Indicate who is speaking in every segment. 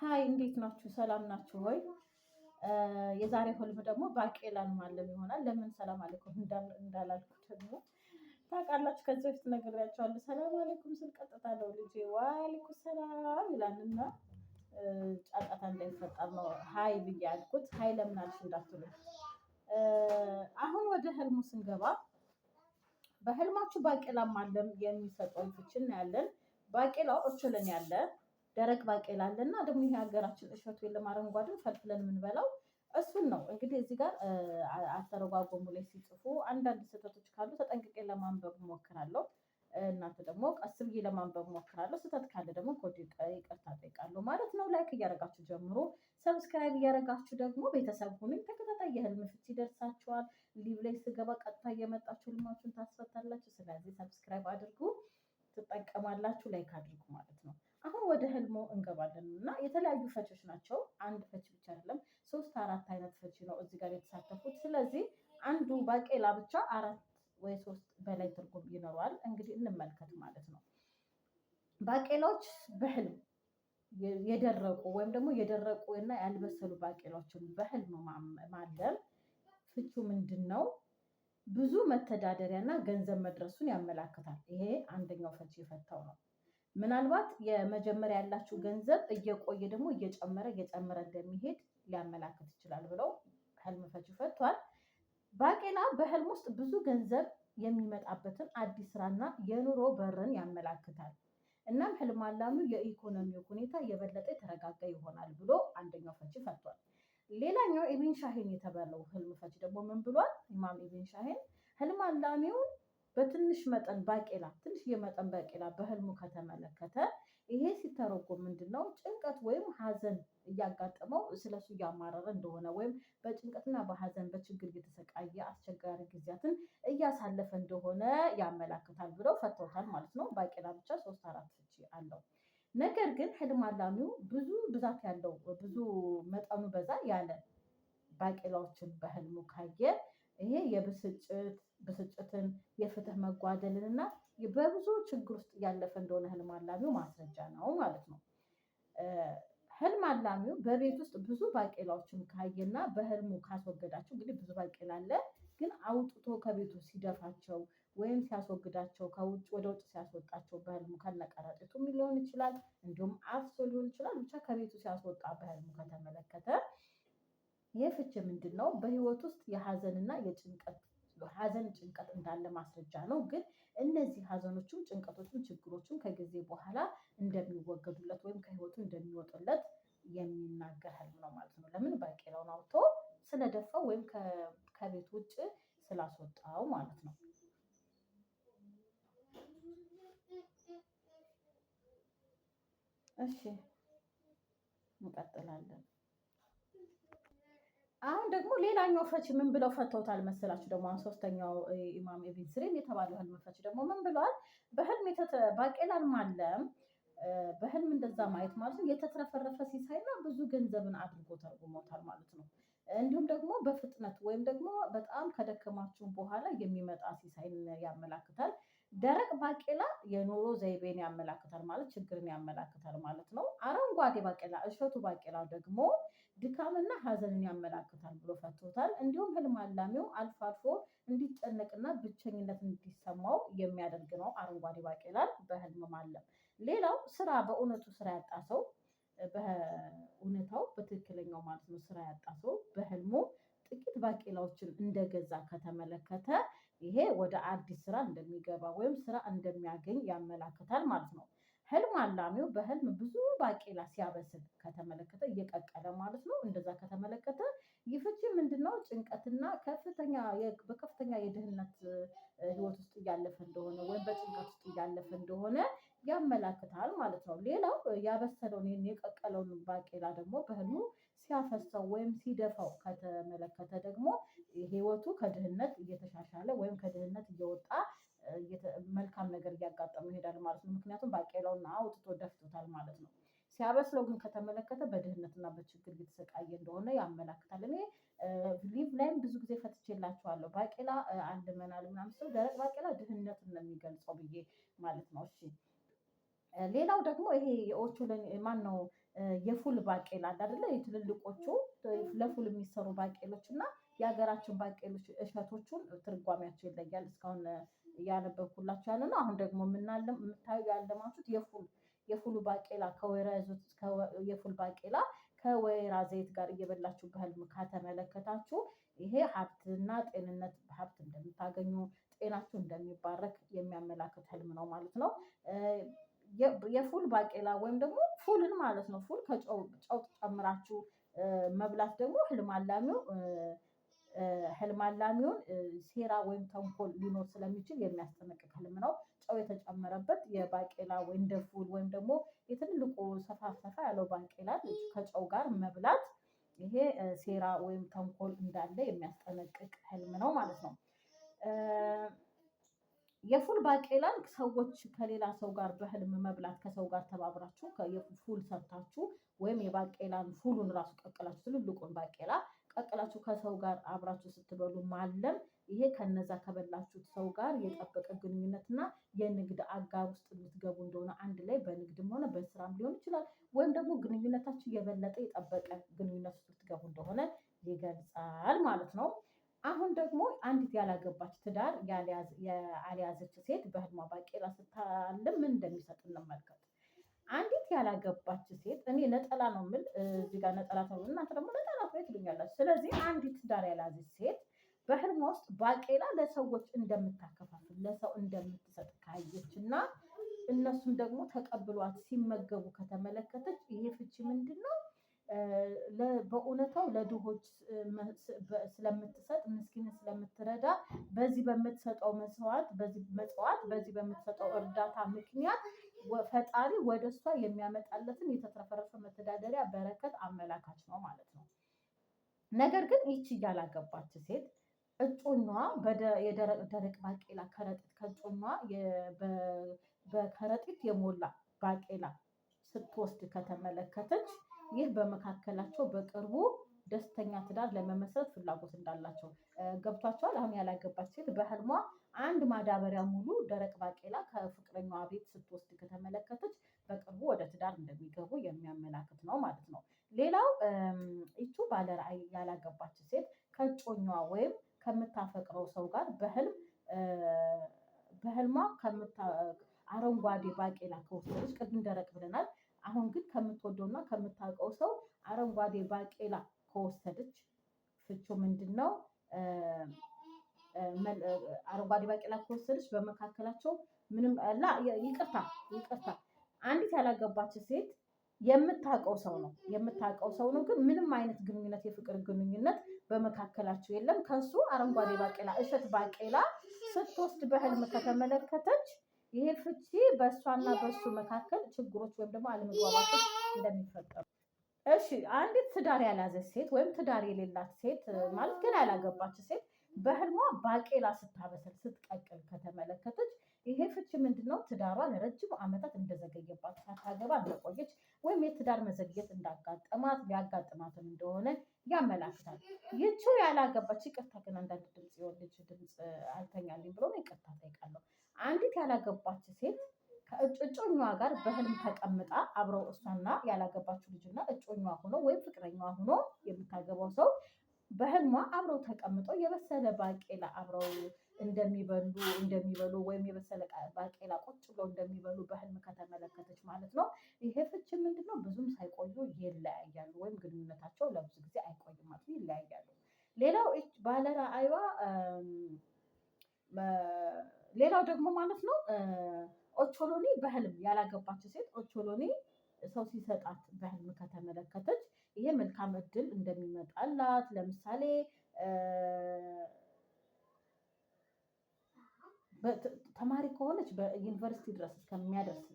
Speaker 1: ሀይ እንዴት ናችሁ? ሰላም ናችሁ ሆይ? የዛሬ ህልም ደግሞ ባቄላን ማለም ይሆናል። ለምን ሰላም አለይኩም እንዳላልኩት ደግሞ ታውቃላችሁ። ከዚህ በፊት ነግሬያቸዋለሁ። ሰላም አለይኩም ስል ቀጥታ ነው ልጄ ዋሌኩም ሰላም ይላልና ጫጫታ እንዳይፈጠር ነው ሀይ ብዬ ያልኩት። ሀይ ለምን አልሽ እንዳትሉ። አሁን ወደ ህልሙ ስንገባ በህልማችሁ ባቄላን ማለም የሚሰጠውን ፍቺ እናያለን። ባቄላው ኦቾሎኒ ያለ ደረቅ ባቄላ አለ እና ደግሞ ይሄ ሀገራችን እሸቱ የለም አረንጓዴ ፈልፍለን የምንበላው እሱን ነው። እንግዲህ እዚህ ጋር አተረጓጎሙ ላይ ሲጽፉ አንዳንድ ስህተቶች ካሉ ተጠንቅቄ ለማንበብ ሞክራለሁ። እናንተ ደግሞ ቀስ ብዬ ለማንበብ ሞክራለሁ። ስህተት ካለ ደግሞ ኮድ ይቅርታ ጠይቃለሁ ማለት ነው። ላይክ እያደረጋችሁ ጀምሮ ሰብስክራይብ እያደረጋችሁ ደግሞ ቤተሰብ ሁኑኝ። ተከታታይ የህልም ፍቺ ይደርሳችኋል። ሊቭ ላይ ስገባ ቀጥታ እየመጣችሁ ልማችሁን ታስፈታላችሁ። ስለዚህ ሰብስክራይብ አድርጉ፣ ትጠቀማላችሁ። ላይክ አድርጉ ማለት ነው። አሁን ወደ ህልሞ እንገባለን እና የተለያዩ ፈቾች ናቸው። አንድ ፈች ብቻ አይደለም፣ ሶስት አራት አይነት ፈች ነው እዚህ ጋር የተሳተፉት። ስለዚህ አንዱ ባቄላ ብቻ አራት ወይ ሶስት በላይ ትርጉም ይኖረዋል። እንግዲህ እንመልከት ማለት ነው። ባቄላዎች በህልም የደረቁ ወይም ደግሞ የደረቁ እና ያልበሰሉ ባቄላዎችን በህልም ማለም ፍቹ ምንድን ነው? ብዙ መተዳደሪያ እና ገንዘብ መድረሱን ያመላክታል። ይሄ አንደኛው ፈች የፈታው ነው። ምናልባት የመጀመሪያ ያላችሁ ገንዘብ እየቆየ ደግሞ እየጨመረ እየጨመረ እንደሚሄድ ሊያመላክት ይችላል ብለው ህልም ፈቺ ፈቷል። ባቄላ በህልም ውስጥ ብዙ ገንዘብ የሚመጣበትን አዲስ ስራና የኑሮ በርን ያመላክታል። እናም ህልም አላሚው የኢኮኖሚው ሁኔታ የበለጠ የተረጋጋ ይሆናል ብሎ አንደኛው ፈቺ ፈቷል። ሌላኛው ኢብን ሻሂን የተባለው ህልም ፈቺ ደግሞ ምን ብሏል? ኢማም ኢብን ሻሂን ህልም አላሚውን በትንሽ መጠን ባቄላ ትንሽ የመጠን ባቄላ በህልሙ ከተመለከተ ይሄ ሲተረጎም ምንድን ነው? ጭንቀት ወይም ሐዘን እያጋጠመው ስለሱ እያማረረ እንደሆነ ወይም በጭንቀትና በሐዘን በችግር እየተሰቃየ አስቸጋሪ ጊዜያትን እያሳለፈ እንደሆነ ያመላክታል ብለው ፈተውታል ማለት ነው። ባቄላ ብቻ ሶስት አራት ፍቺ አለው። ነገር ግን ህልም አላሚው ብዙ ብዛት ያለው ብዙ መጠኑ በዛ ያለ ባቄላዎችን በህልሙ ካየ ይሄ የብስጭት ብስጭትን፣ የፍትህ መጓደልን እና በብዙ ችግር ውስጥ እያለፈ እንደሆነ ህልም አላሚው ማስረጃ ነው ማለት ነው። ህልም አላሚው በቤት ውስጥ ብዙ ባቄላዎችን ካየና በህልሙ ካስወገዳቸው፣ እንግዲህ ብዙ ባቄላ አለ፣ ግን አውጥቶ ከቤቱ ሲደፋቸው ወይም ሲያስወግዳቸው፣ ከውጭ ወደ ውጭ ሲያስወጣቸው በህልሙ ከነቀረጢቱም ሊሆን ይችላል፣ እንዲሁም አፍሶ ሊሆን ይችላል። ብቻ ከቤቱ ሲያስወጣ በህልሙ ከተመለከተ ይህ ፍቺ ምንድን ነው? በህይወት ውስጥ የሀዘንና የጭንቀት ሀዘን ጭንቀት እንዳለ ማስረጃ ነው። ግን እነዚህ ሀዘኖችም ጭንቀቶችም ችግሮችም ከጊዜ በኋላ እንደሚወገዱለት ወይም ከህይወቱ እንደሚወጡለት የሚናገር ህልም ነው ማለት ነው። ለምን ባቄላውን አውጥቶ ስለደፋው ወይም ከቤት ውጭ ስላስወጣው ማለት ነው። እሺ እንቀጥላለን። አሁን ደግሞ ሌላኛው ፈች ምን ብለው ፈተውታል መሰላችሁ? ደግሞ አሁን ሶስተኛው ኢማም ኢብን ሲሪን የተባለው ህልም ፈች ደግሞ ምን ብለዋል? በህልም ባቄላን ማለም በህልም እንደዛ ማየት ማለት ነው የተትረፈረፈ ሲሳይና ብዙ ገንዘብን አድርጎ ተርጉሞታል ማለት ነው። እንዲሁም ደግሞ በፍጥነት ወይም ደግሞ በጣም ከደከማችሁ በኋላ የሚመጣ ሲሳይን ያመላክታል። ደረቅ ባቄላ የኑሮ ዘይቤን ያመላክታል ማለት ችግርን ያመላክታል ማለት ነው። አረንጓዴ ባቄላ፣ እሸቱ ባቄላ ደግሞ ድካምና ሀዘንን ያመላክታል ብሎ ፈቶታል። እንዲሁም ህልም አላሚው አልፎ አልፎ እንዲጨነቅና ብቸኝነት እንዲሰማው የሚያደርግ ነው አረንጓዴ ባቄላል በህልም ማለም። ሌላው ስራ በእውነቱ ስራ ያጣ ሰው በእውነታው በትክክለኛው ማለት ነው ስራ ያጣ ሰው በህልሙ ጥቂት ባቄላዎችን እንደገዛ ከተመለከተ ይሄ ወደ አዲስ ስራ እንደሚገባ ወይም ስራ እንደሚያገኝ ያመላክታል ማለት ነው። ህልም አላሚው በህልም ብዙ ባቄላ ሲያበስል ከተመለከተ እየቀቀለ ማለት ነው። እንደዛ ከተመለከተ ይህ ፍቺ ምንድነው? ጭንቀትና ከፍተኛ በከፍተኛ የድህነት ህይወት ውስጥ እያለፈ እንደሆነ ወይም በጭንቀት ውስጥ እያለፈ እንደሆነ ያመላክታል ማለት ነው። ሌላው ያበሰለውን ወይም የቀቀለውን ባቄላ ደግሞ በህልሙ ሲያፈሰው ወይም ሲደፋው ከተመለከተ ደግሞ ህይወቱ ከድህነት እየተሻሻለ ወይም ከድህነት እየወጣ መልካም ነገር እያጋጠመው ይሄዳል ማለት ነው። ምክንያቱም ባቄላውን አውጥቶ ደፍቶታል ማለት ነው። ሲያበስለው ግን ከተመለከተ በድህነትና በችግር እየተሰቃየ እንደሆነ ያመላክታል። እኔ ሊቭ ላይም ብዙ ጊዜ ፈትቼላችኋለሁ። ባቄላ አለመናል ምናምን ስል ደረቅ ባቄላ ድህነትን ነው የሚገልጸው ብዬ ማለት ነው። እሺ ሌላው ደግሞ ይሄ የኦቾሎኒ ማን ነው የፉል ባቄላ አለ አይደለ? የትልልቆቹ ለፉል የሚሰሩ ባቄሎች እና የሀገራችን ባቄሎች እሸቶቹን ትርጓሜያቸው ይለያል እስካሁን እያነበብኩላችሁ ያለ ነው። አሁን ደግሞ የምታዩ ያለማችሁት የፉል የፉሉ ባቄላ ከወይራ የፉል ባቄላ ከወይራ ዘይት ጋር እየበላችሁ በህልም ከተመለከታችሁ ይሄ ሀብትና ጤንነት ሀብት እንደምታገኙ ጤናችሁ እንደሚባረክ የሚያመላክት ህልም ነው ማለት ነው። የፉል ባቄላ ወይም ደግሞ ፉልን ማለት ነው። ፉል ከጨው ጨው ጨምራችሁ መብላት ደግሞ ህልም አላሚው ህልም አላሚውን ሴራ ወይም ተንኮል ሊኖር ስለሚችል የሚያስጠነቅቅ ህልም ነው። ጨው የተጨመረበት የባቄላ ወይም ደፉል ወይም ደግሞ የትልቁ ሰፋ ሰፋ ያለው ባቄላ ከጨው ጋር መብላት ይሄ ሴራ ወይም ተንኮል እንዳለ የሚያስጠነቅቅ ህልም ነው ማለት ነው። የፉል ባቄላን ሰዎች ከሌላ ሰው ጋር በህልም መብላት ከሰው ጋር ተባብራችሁ ፉል ሰርታችሁ ወይም የባቄላን ፉሉን ራሱ ቀቅላችሁ ትልልቁን ባቄላ ቀቅላችሁ ከሰው ጋር አብራችሁ ስትበሉ ማለም ይሄ ከነዛ ከበላችሁት ሰው ጋር የጠበቀ ግንኙነትና የንግድ አጋር ውስጥ ልትገቡ እንደሆነ አንድ ላይ በንግድም ሆነ በስራም ሊሆን ይችላል። ወይም ደግሞ ግንኙነታችሁ የበለጠ የጠበቀ ግንኙነት ውስጥ እንደሆነ ይገልጻል ማለት ነው። አሁን ደግሞ አንዲት ያላገባች ትዳር ያልያዘች ሴት በህልሟ ባቄላ ስታልም ምን እንደሚሰጥ እንመልከት። አንዲት ያላገባች ሴት እኔ ነጠላ ነው የምል እዚህ ጋር ነጠላ ነው እናንተ ደግሞ ነጠላ ነው ትሉኛላችሁ። ስለዚህ አንዲት ትዳር ያልያዘች ሴት በህልም ውስጥ ባቄላ ለሰዎች እንደምታከፋፍል ለሰው እንደምትሰጥ ካየች እና እነሱም ደግሞ ተቀብሏት ሲመገቡ ከተመለከተች ይሄ ፍቺ ምንድን ነው? በእውነታው ለድሆች ስለምትሰጥ ምስኪን ስለምትረዳ በዚህ በምትሰጠው መስዋዕት በዚህ መጽዋዕት በዚህ በምትሰጠው እርዳታ ምክንያት ፈጣሪ ወደ እሷ የሚያመጣለትን የተትረፈረፈ መተዳደሪያ በረከት አመላካች ነው ማለት ነው። ነገር ግን ይቺ ያላገባች ሴት እጮኛዋ የደረቅ ባቄላ ከረጢት ከእጮኛዋ በከረጢት የሞላ ባቄላ ስትወስድ ከተመለከተች ይህ በመካከላቸው በቅርቡ ደስተኛ ትዳር ለመመስረት ፍላጎት እንዳላቸው ገብቷቸዋል። አሁን ያላገባች ሴት በህልሟ አንድ ማዳበሪያ ሙሉ ደረቅ ባቄላ ከፍቅረኛዋ ቤት ስትወስድ ከተመለከተች በቅርቡ ወደ ትዳር እንደሚገቡ የሚያመላክት ነው ማለት ነው። ሌላው ይቹ ባለራዕይ ያላገባች ሴት ከእጮኛዋ ወይም ከምታፈቅረው ሰው ጋር በህልም በህልሟ አረንጓዴ ባቄላ ከወሰደች ቅድም ደረቅ ብለናል። አሁን ግን ከምትወደው እና ከምታውቀው ሰው አረንጓዴ ባቄላ ከወሰደች ፍቺው ምንድን ነው? አረንጓዴ ባቄላ ከወሰደች በመካከላቸው ምንም ላ ይቅርታ ይቅርታ አንዲት ያላገባች ሴት የምታውቀው ሰው ነው የምታውቀው ሰው ነው፣ ግን ምንም አይነት ግንኙነት የፍቅር ግንኙነት በመካከላቸው የለም። ከሱ አረንጓዴ ባቄላ እሸት ባቄላ ስትወስድ በህልም ከተመለከተች ይሄ ፍቺ በእሷና በእሱ መካከል ችግሮች ወይም ደግሞ አለመግባባቶች እንደሚፈጠሩ እሺ። አንዲት ትዳር ያላዘች ሴት ወይም ትዳር የሌላት ሴት ማለት ግን ያላገባች ሴት በህልሟ ባቄላ ስታበስል ስትቀቅል ከተመለከተች ይሄ ፍቺ ምንድነው? ትዳሯ ለረጅም ዓመታት እንደዘገየባት ሳታገባ እንደቆየች ወይም የትዳር መዘግየት እንዳጋጠማት ሊያጋጥማትም እንደሆነ ያመላክታል። ይቹ ያላገባች ይቅርታ ግን አንዳንድ ድምፅ የወለች ድምፅ አልተኛልኝ ብሎ ይቅርታ ጠይቃለሁ። አንዲት ያላገባች ሴት ከእጮኛዋ ጋር በህልም ተቀምጣ አብረው እሷና ያላገባችው ልጅና እጮኛዋ ሆኖ ወይም ፍቅረኛዋ ሆኖ የምታገባው ሰው በህልሟ አብረው ተቀምጠው የበሰለ ባቄላ አብረው እንደሚበሉ እንደሚበሉ ወይም የበሰለ ባቄላ ቁጭ ብለው እንደሚበሉ በህልም ከተመለከተች ማለት ነው። ይሄ ፍቺ ምንድን ነው? ብዙም ሳይቆዩ ይለያያሉ፣ ወይም ግንኙነታቸው ለብዙ ጊዜ አይቆይም ማለት ነው፣ ይለያያሉ። ሌላው ባለ ሌላው ደግሞ ማለት ነው ኦቾሎኒ በህልም ያላገባች ሴት ኦቾሎኒ ሰው ሲሰጣት በህልም ከተመለከተች ይሄ መልካም እድል እንደሚመጣላት ለምሳሌ ተማሪ ከሆነች በዩኒቨርሲቲ ድረስ እስከሚያደርስ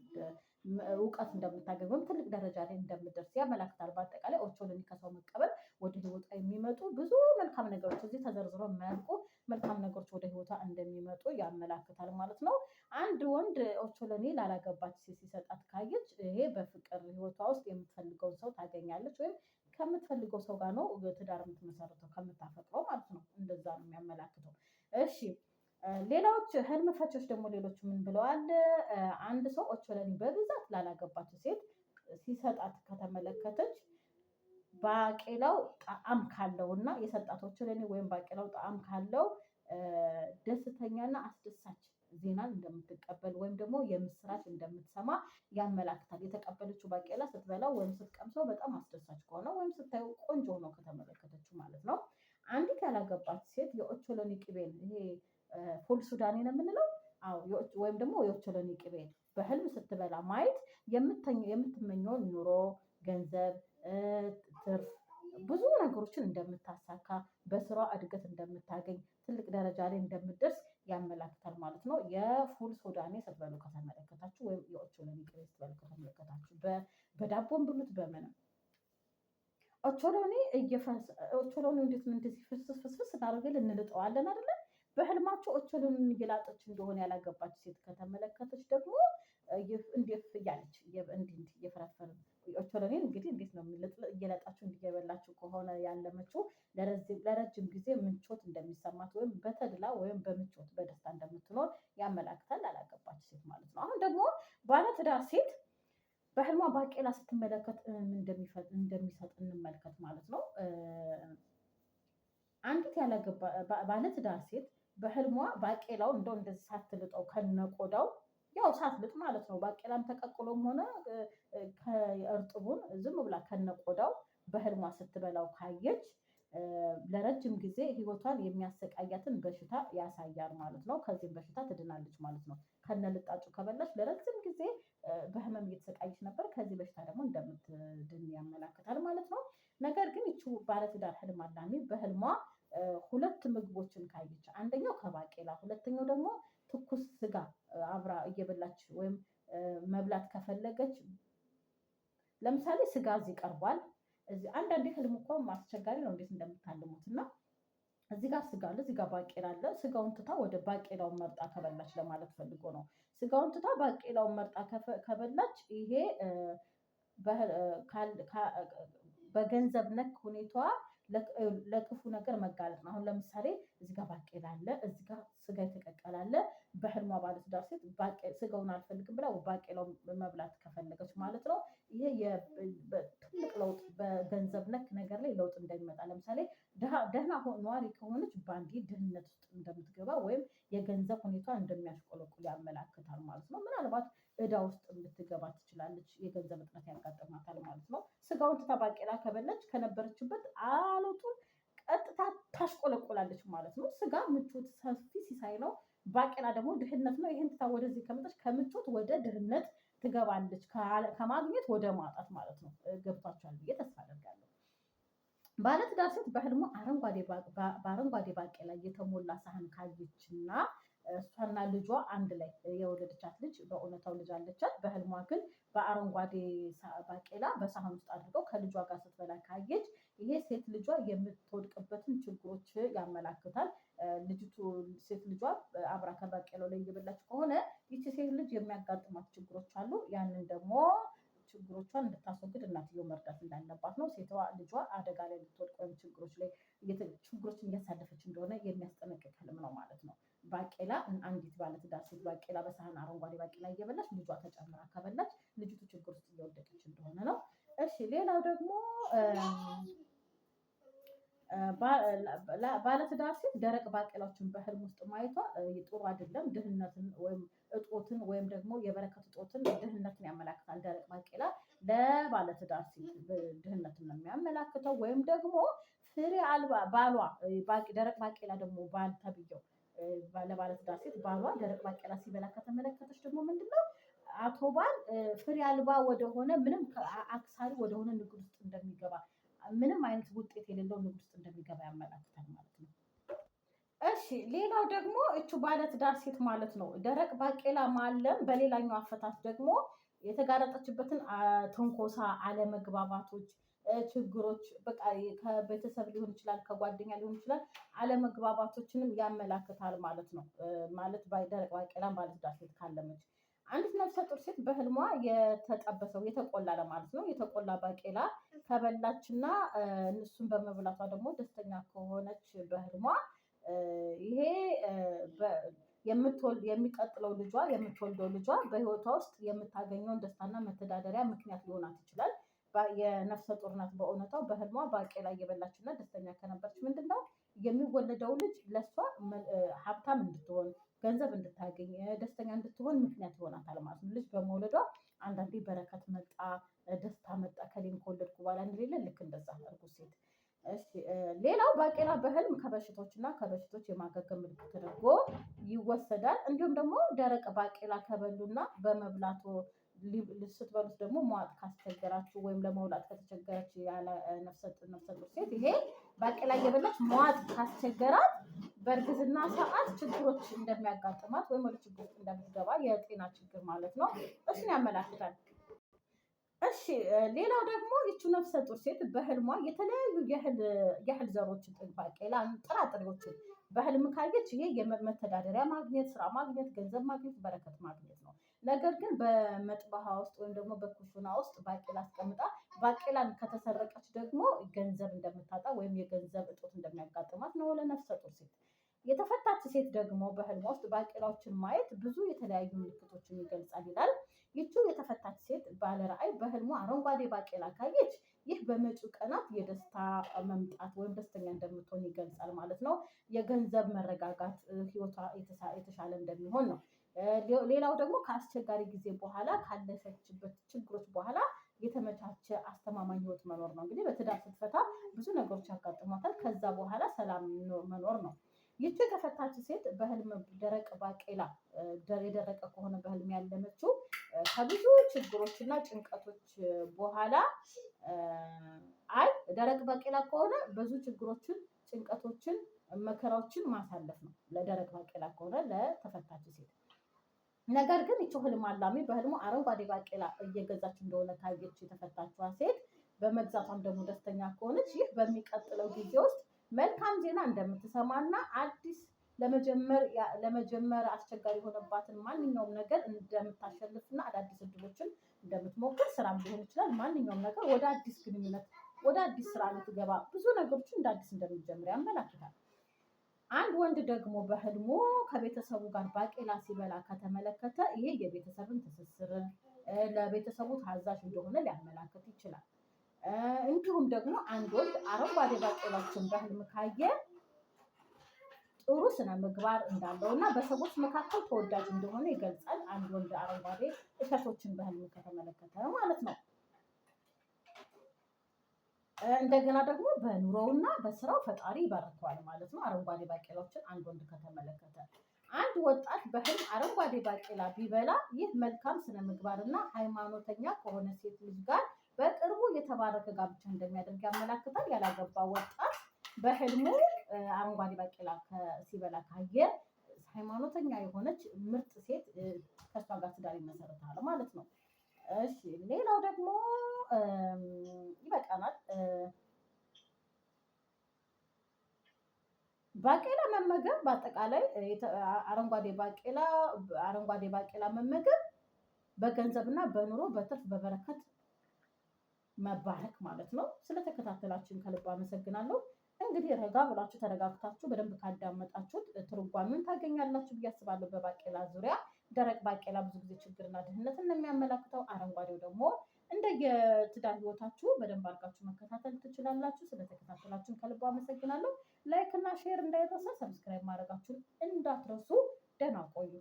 Speaker 1: እውቀት እንደምታገኝ ወይም ትልቅ ደረጃ ላይ እንደምደርስ ያመላክታል። በአጠቃላይ ኦቾሎኒ ከሰው መቀበል ወደ ህይወቷ የሚመጡ ብዙ መልካም ነገሮች እዚህ ተዘርዝሮ የማያልቁ መልካም ነገሮች ወደ ህይወቷ እንደሚመጡ ያመላክታል ማለት ነው። አንድ ወንድ ኦቾሎኒ ላላገባች ሴት ሲሰጣት ካየች ይሄ በፍቅር ህይወቷ ውስጥ የምትፈልገውን ሰው ታገኛለች ወይም ከምትፈልገው ሰው ጋር ነው ትዳር የምትመሰርተው ከምታፈቅረው ማለት ነው። እንደዛ ነው የሚያመላክተው። እሺ ሌላዎች ህልም ፈቾች ደግሞ ሌሎች ምን ብለዋል? አንድ ሰው ኦቾለኒ በብዛት ላላገባችው ሴት ሲሰጣት ከተመለከተች ባቄላው ጣዕም ካለው እና የሰጣት ኦቾለኒ ወይም ባቄላው ጣዕም ካለው ደስተኛና አስደሳች ዜናን እንደምትቀበል ወይም ደግሞ የምስራች እንደምትሰማ ያመላክታል። የተቀበለችው ባቄላ ስትበላው ወይም ስትቀምሰው በጣም አስደሳች ከሆነ ወይም ስታዩ ቆንጆ ሆኖ ከተመለከተችው ማለት ነው። አንዲት ያላገባች ሴት የኦቾሎኒ ቅቤን ይሄ ፉል ሱዳኒ ነው የምንለው ወይም ደግሞ የኦቾሎኒ ቅቤ በህልም ስትበላ ማየት የምትመኘውን ኑሮ፣ ገንዘብ፣ ትርፍ ብዙ ነገሮችን እንደምታሳካ በስራ እድገት እንደምታገኝ ትልቅ ደረጃ ላይ እንደምደርስ ያመላክታል ማለት ነው። የፉል ሱዳኔ ስትበሉ ከተመለከታችሁ ወይም የኦቾሎኒ ቅቤ ስትበሉ ከተመለከታችሁ በዳቦን ብሉት በምንም ኦቾሎኒ እየፈስ ኦቾሎኒ እንዴት ምንድ ፍስፍስፍስ እናደርገ ልንልጠዋለን አይደለም በህልማቸው እችሉን እየላጠች እንደሆነ ያላገባች ሴት ከተመለከተች ደግሞ እንዴት እያለች እንዲህ እየፈረፈረ ኦቾሎኔን እንግዲህ እንዴት ነው እየለጣችሁ እንዲገበላችሁ ከሆነ ያለመችው ለረጅም ጊዜ ምቾት እንደሚሰማት ወይም በተድላ ወይም በምቾት በደስታ እንደምትኖር ያመላክታል። አላገባች ሴት ማለት ነው። አሁን ደግሞ ባለትዳር ሴት በህልሟ ባቄላ ስትመለከት እንደሚሰጥ እንመልከት ማለት ነው። አንዲት ባለትዳር ሴት በህልሟ ባቄላው እንደው እንደዚህ ሳትልጠው ከነቆዳው ያው ሳትልጥ ማለት ነው። ባቄላም ተቀቅሎም ሆነ እርጥቡን ዝም ብላ ከነቆዳው በህልሟ ስትበላው ካየች ለረጅም ጊዜ ህይወቷን የሚያሰቃያትን በሽታ ያሳያል ማለት ነው። ከዚህም በሽታ ትድናለች ማለት ነው። ከነልጣጩ ከበላች ለረጅም ጊዜ በህመም እየተሰቃየች ነበር። ከዚህ በሽታ ደግሞ እንደምትድን ያመላክታል ማለት ነው። ነገር ግን ይቺ ባለትዳር ህልም አላሚ በህልሟ ሁለት ምግቦችን ካየች አንደኛው ከባቄላ ሁለተኛው ደግሞ ትኩስ ስጋ አብራ እየበላች ወይም መብላት ከፈለገች ለምሳሌ ስጋ እዚህ ቀርቧል። አንዳንዴ ህልም እኮ አስቸጋሪ ነው እንዴት እንደምታልሙት እና እዚህ ጋር ስጋ አለ፣ እዚህ ጋር ባቄላ አለ። ስጋውን ትታ ወደ ባቄላውን መርጣ ከበላች ለማለት ፈልጎ ነው። ስጋውን ትታ ባቄላውን መርጣ ከበላች ይሄ በገንዘብ ነክ ሁኔታዋ ለክፉ ነገር መጋለጥ ነው። አሁን ለምሳሌ እዚጋ ባቄላ አለ፣ እዚጋ ስጋ የተቀቀለ አለ። በህልሟ ባለትዳር ሴት ስጋውን አልፈልግም ብላ ባቄላው መብላት ከፈለገች ማለት ነው ይሄ ትልቅ ለውጥ በገንዘብ ነክ ነገር ላይ ለውጥ እንደሚመጣ ለምሳሌ ደህና ነዋሪ ከሆነች በአንዴ ድህነት ውስጥ እንደምትገባ ወይም የገንዘብ ሁኔታ እንደሚያሽቆለቁል ያመላክታል ማለት ነው። ምናልባት እዳ ውስጥ ልትገባ ትችላለች፣ የገንዘብ እጥረት ያጋጥማታል ማለት ነው። ስጋውን ትታ ባቄላ ከበላች ከነበረችበት አሎቱን ቀጥታ ታሽቆለቆላለች ማለት ነው። ስጋ ምቾት ሰፊ ሲሳይ ነው። ባቄላ ደግሞ ድህነት ነው። ይህን ትታ ወደዚህ ከመጣች ከምቾት ወደ ድህነት ትገባለች። ከማግኘት ወደ ማጣት ማለት ነው። ገብቷችኋል ብዬ ተስፋ አደርጋለሁ። ባለትዳር ሴት በህልሟ በአረንጓዴ ባቄላ የተሞላ ሳህን ካየችና እሷና ልጇ አንድ ላይ የወለደቻት ልጅ በእውነታው ልጅ አለቻት። በህልሟ ግን በአረንጓዴ ባቄላ በሳህን ውስጥ አድርገው ከልጇ ጋር ስትበላ ካየች ይሄ ሴት ልጇ የምትወድቅበትን ችግሮች ያመላክታል። ልጅቱ ሴት ልጇ አብራ ከባቄላው ላይ እየበላች ከሆነ ይቺ ሴት ልጅ የሚያጋጥሟት ችግሮች አሉ። ያንን ደግሞ ችግሮቿን እንድታስወግድ እናትየው መርዳት እንዳለባት ነው። ሴቷ ልጇ አደጋ ላይ ልትወድቅ ወይም ችግሮች ላይ ችግሮችን እያሳለፈች እንደሆነ የሚያስጠነቅቅ ህልም ነው ማለት ነው። ባቄላ አንዲት ባለትዳር ሴት ባቄላ በሳህን አረንጓዴ ባቄላ እየበላች ልጇ ተጨምራ ከበላች ልጅቱ ችግር ውስጥ እየወደቀች እንደሆነ ነው። እሺ ሌላው ደግሞ ባለትዳር ሴት ደረቅ ባቄላዎችን በህልም ውስጥ ማየቷ ጥሩ አይደለም። ድህነትን ወይም እጦትን ወይም ደግሞ የበረከት እጦትን ድህነትን ያመላክታል። ደረቅ ባቄላ ለባለትዳር ሴት ድህነትን ነው የሚያመላክተው። ወይም ደግሞ ፍሬ አልባ ባሏ ደረቅ ባቄላ ደግሞ ባል ተብየው ለባለትዳር ሴት ባሏ ደረቅ ባቄላ ሲበላ ከተመለከተች ደግሞ ምንድን ነው አቶ ባል ፍሬ አልባ ወደሆነ ምንም አክሳሪ ወደሆነ ንግድ ውስጥ እንደሚገባ ምንም አይነት ውጤት የሌለው ንግድ ውስጥ እንደሚገባ ያመላክታል ማለት ነው። እሺ ሌላው ደግሞ እቹ ባለትዳር ሴት ማለት ነው ደረቅ ባቄላ ማለም፣ በሌላኛው አፈታት ደግሞ የተጋረጠችበትን ትንኮሳ፣ አለመግባባቶች፣ ችግሮች በቃ ከቤተሰብ ሊሆን ይችላል፣ ከጓደኛ ሊሆን ይችላል፣ አለመግባባቶችንም ያመላክታል ማለት ነው። ማለት ደረቅ ባቄላ ባለትዳር ሴት ካለመች አንዲት ነፍሰ ጡር ሴት በህልሟ የተጠበሰው የተቆላ ለማለት ነው የተቆላ ባቄላ ከበላች እና በመብላቷ ደግሞ ደስተኛ ከሆነች በህልሟ ይሄ የሚቀጥለው ልጇ የምትወልደው ልጇ በህይወቷ ውስጥ የምታገኘውን ደስታና መተዳደሪያ ምክንያት ሊሆናት ይችላል። የነፍሰ ጡርነት በእውነቷ በእውነታው በህልሟ ባቄላ እየበላችና ደስተኛ ከነበረች ምንድን ነው የሚወለደው ልጅ ለእሷ ሀብታም እንድትሆን ገንዘብ እንድታገኝ ደስተኛ እንድትሆን ምክንያት ይሆናታል ማለት ነው። ልጅ በመውለዷ አንዳንዴ በረከት መጣ፣ ደስታ መጣ፣ ከሌን ከወለድኩ በኋላ እንደሌለ ልክ እንደዛ እርጉዝ ሴት። ሌላው ባቄላ በህልም ከበሽቶች እና ከበሽቶች የማገገም ምልክት ተደርጎ ይወሰዳል። እንዲሁም ደግሞ ደረቅ ባቄላ ከበሉና በመብላቱ ስትበሉት ደግሞ መዋጥ ካስቸገራችሁ ወይም ለመውላት ከተቸገረች ያለ ነፍሰ ጡር ሴት ይሄ ባቄላ እየበላች መዋጥ ካስቸገራት በእርግዝና ሰዓት ችግሮች እንደሚያጋጥማት ወይም ወደ ችግር እንደምትገባ የጤና ችግር ማለት ነው፣ እሱን ያመላክታል። እሺ ሌላው ደግሞ ይቺ ነፍሰ ጡር ሴት በህልሟ የተለያዩ የእህል ዘሮችን ጥንፋቄ ጥራጥሬዎችን በህልም ካየች ይሄ የመተዳደሪያ ማግኘት፣ ስራ ማግኘት፣ ገንዘብ ማግኘት፣ በረከት ማግኘት ነው። ነገር ግን በመጥበሃ ውስጥ ወይም ደግሞ በኩሽና ውስጥ ባቄላ አስቀምጣ ባቄላን ከተሰረቀች ደግሞ ገንዘብ እንደምታጣ ወይም የገንዘብ እጦት እንደሚያጋጥማት ነው ለነፍሰ ጡር ሴት። የተፈታች ሴት ደግሞ በህልሟ ውስጥ ባቄላዎችን ማየት ብዙ የተለያዩ ምልክቶችን ይገልጻል ይላል። ይቺ የተፈታች ሴት ባለራአይ በህልሞ በህልሟ አረንጓዴ ባቄላ ካየች ይህ በመጪው ቀናት የደስታ መምጣት ወይም ደስተኛ እንደምትሆን ይገልጻል ማለት ነው። የገንዘብ መረጋጋት ህይወቷ የተሻለ እንደሚሆን ነው ሌላው ደግሞ ከአስቸጋሪ ጊዜ በኋላ ካለፈችበት ችግሮች በኋላ የተመቻቸ አስተማማኝ ህይወት መኖር ነው። እንግዲህ በትዳር ስትፈታ ብዙ ነገሮች ያጋጥሟታል። ከዛ በኋላ ሰላም መኖር ነው። ይቺ የተፈታች ሴት በህልም ደረቅ ባቄላ የደረቀ ከሆነ በህልም ያለመችው ከብዙ ችግሮች እና ጭንቀቶች በኋላ አይ ደረቅ ባቄላ ከሆነ ብዙ ችግሮችን፣ ጭንቀቶችን፣ መከራዎችን ማሳለፍ ነው። ለደረቅ ባቄላ ከሆነ ለተፈታች ሴት ነገር ግን ይቺ ህልም አላሚ በህልሙ አረንጓዴ ባቄላ እየገዛች እንደሆነ ካየች የተፈታችዋ ሴት በመግዛቷም ደግሞ ደስተኛ ከሆነች ይህ በሚቀጥለው ጊዜ ውስጥ መልካም ዜና እንደምትሰማና አዲስ ለመጀመር አስቸጋሪ የሆነባትን ማንኛውም ነገር እንደምታሸንፍና አዳዲስ እድሎችን እንደምትሞክር ስራም ሊሆን ይችላል። ማንኛውም ነገር ወደ አዲስ ግንኙነት፣ ወደ አዲስ ስራ ልትገባ ብዙ ነገሮችን እንደ አዲስ እንደሚጀምር ያመላክታል። አንድ ወንድ ደግሞ በህልሙ ከቤተሰቡ ጋር ባቄላ ሲበላ ከተመለከተ ይሄ የቤተሰብን ትስስርን ለቤተሰቡ ታዛዥ እንደሆነ ሊያመላክት ይችላል። እንዲሁም ደግሞ አንድ ወንድ አረንጓዴ ባቄላዎችን በህልም ካየ ጥሩ ስነ ምግባር እንዳለው እና በሰዎች መካከል ተወዳጅ እንደሆነ ይገልጻል። አንድ ወንድ አረንጓዴ እሸቶችን በህልም ከተመለከተ ማለት ነው። እንደገና ደግሞ በኑሮውና በስራው ፈጣሪ ይባርከዋል ማለት ነው። አረንጓዴ ባቄላዎችን አንድ ወንድ ከተመለከተ አንድ ወጣት በህልም አረንጓዴ ባቄላ ቢበላ ይህ መልካም ስነ ምግባርና ሃይማኖተኛ ከሆነ ሴት ልጅ ጋር በቅርቡ የተባረከ ጋብቻ እንደሚያደርግ ያመላክታል። ያላገባ ወጣት በህልሙ አረንጓዴ ባቄላ ሲበላ ካየ ሃይማኖተኛ የሆነች ምርጥ ሴት ከሷ ጋር ትዳር ይመሰርታል ማለት ነው። እሺ ሌላው ደግሞ ይበቃናል። ባቄላ መመገብ በአጠቃላይ አረንጓዴ ባቄላ አረንጓዴ ባቄላ መመገብ በገንዘብና በኑሮ በትርፍ በበረከት መባረክ ማለት ነው። ስለተከታተላችሁን ከልብ አመሰግናለሁ። እንግዲህ ረጋ ብላችሁ ተረጋግታችሁ በደንብ ካዳመጣችሁት ትርጓሜውን ታገኛላችሁ ብዬ አስባለሁ በባቄላ ዙሪያ ደረቅ ባቄላ ብዙ ጊዜ ችግርና ድህነትን ነው የሚያመላክተው። አረንጓዴው ደግሞ እንደ የትዳር ህይወታችሁ በደንብ አድርጋችሁ መከታተል ትችላላችሁ። ስለተከታተላችሁን ከልቦ አመሰግናለሁ። ላይክ እና ሼር እንዳይረሳ፣ ሰብስክራይብ ማድረጋችሁን እንዳትረሱ። ደህና ቆዩ።